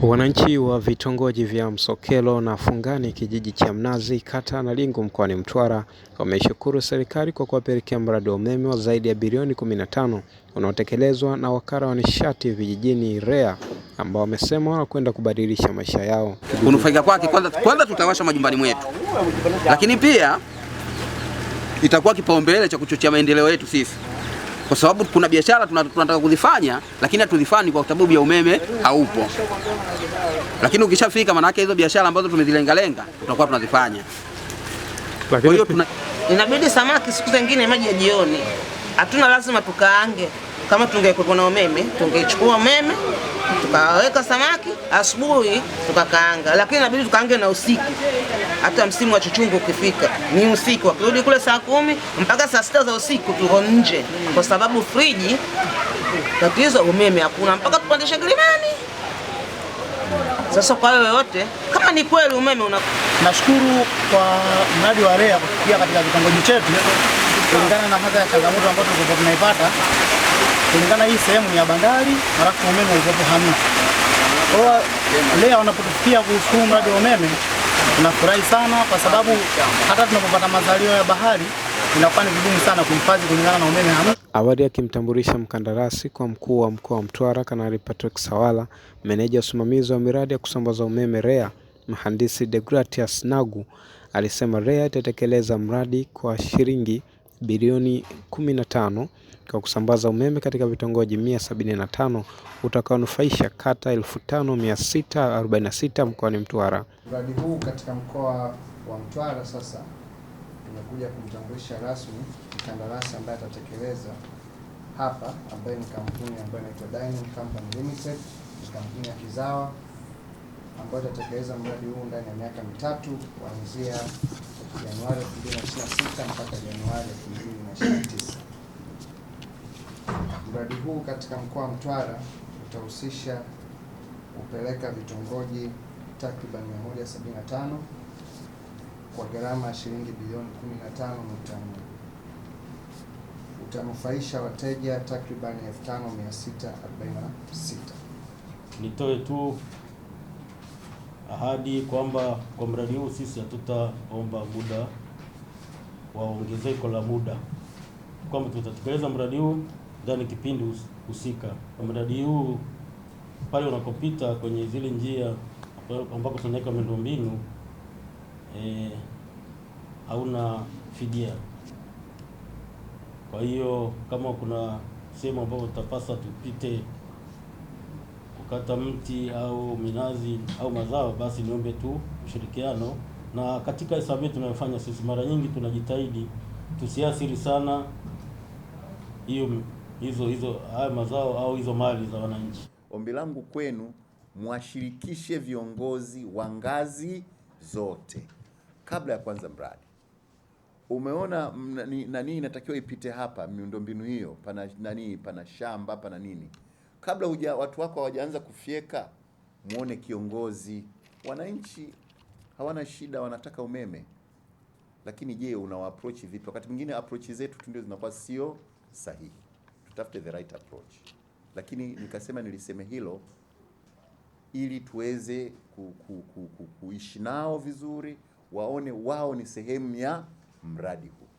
Wananchi wa vitongoji vya Msokelo na Fungani kijiji cha Mnazi kata ya Nalingu mkoani Mtwara wameshukuru serikali kwa kuwapelekea mradi wa umeme wa zaidi ya bilioni 15 unaotekelezwa na wakala wa nishati vijijini REA ambao wamesema wanakwenda kubadilisha maisha yao. Kunufaika kwake kwanza, kwanza tutawasha majumbani mwetu, lakini pia itakuwa kipaumbele cha kuchochea maendeleo yetu sisi kwa sababu kuna biashara tunataka kuzifanya, lakini hatuzifani kwa sababu ya umeme haupo. Lakini ukishafika, maana yake hizo biashara ambazo tumezilengalenga tutakuwa tunazifanya. Kwa hiyo tuna... inabidi samaki siku zingine maji ya jioni, hatuna lazima tukaange. Kama tungekuwa na umeme, tungechukua umeme tukaweka samaki asubuhi tukakaanga, lakini inabidi tukaange na usiku hata msimu wa chuchungu ukifika ni usiku, wakirudi kule saa kumi mpaka saa sita za usiku tuko nje, kwa sababu friji tatizo umeme hakuna mpaka tupandishe kilimani. Sasa kwa hiyo yote, kama ni kweli umeme una... Nashukuru kwa mradi wa REA kufikia katika kitongoji chetu, kulingana na hata ya changamoto ambazo tulikuwa tunaipata kulingana hii sehemu ni ya bandari, halafu umeme ulikuwa hamna. Kwa hiyo REA wanapotufikia kuhusu mradi wa umeme Tunafurahi sana kwa sababu hata tunapopata mazalio ya bahari inakuwa ni vigumu sana kuhifadhi kulingana na umeme hamna. Awali akimtambulisha mkandarasi kwa mkuu wa mkoa wa Mtwara Kanali Patrick Sawala, meneja usimamizi wa miradi ya kusambaza umeme REA mhandisi Degratius Nagu alisema REA itatekeleza mradi kwa shilingi bilioni 15 kwa kusambaza umeme katika vitongoji 175 utakaonufaisha kata 5646 mkoani Mtwara. Mradi huu katika mkoa wa Mtwara sasa tumekuja kumtambulisha rasmi mkandarasi ambaye atatekeleza hapa, ambaye ni kampuni ambayo inaitwa Dining Company Limited, ni kampuni ya kizawa ambayo itatekeleza mradi huu ndani ya miaka mitatu kuanzia Januari 2026 mpaka Januari 2029. Mradi huu katika mkoa wa Mtwara utahusisha kupeleka vitongoji takriban 175 kwa gharama ya shilingi bilioni 15.4 utanufaisha wateja takribani 5646. Nitoe tu ahadi kwamba kwa mradi huu sisi hatutaomba muda wa ongezeko la muda, kwamba tutatekeleza mradi huu ndani kipindi husika. Mradi huu pale unakopita kwenye zile njia ambako tunaweka miundombinu eh, hauna fidia. Kwa hiyo kama kuna sehemu ambapo tutapasa tupite kukata mti au minazi au mazao, basi niombe tu ushirikiano. Na katika hesabu yetu tunayofanya sisi, mara nyingi tunajitahidi tusiathiri sana hiyo hizo hizo haya mazao au hizo mali za wananchi. Ombi langu kwenu, mwashirikishe viongozi wa ngazi zote kabla ya kuanza mradi. Umeona nani inatakiwa ipite hapa, miundombinu hiyo, pana nani, pana shamba, pana nini kabla huja watu wako hawajaanza kufyeka, muone kiongozi. Wananchi hawana shida, wanataka umeme, lakini je, unawa approach vipi? Wakati mwingine approach zetu ndio zinakuwa sio sahihi. Tutafute the right approach, lakini nikasema niliseme hilo ili tuweze ku, ku, ku, ku, kuishi nao vizuri, waone wao ni sehemu ya mradi huu.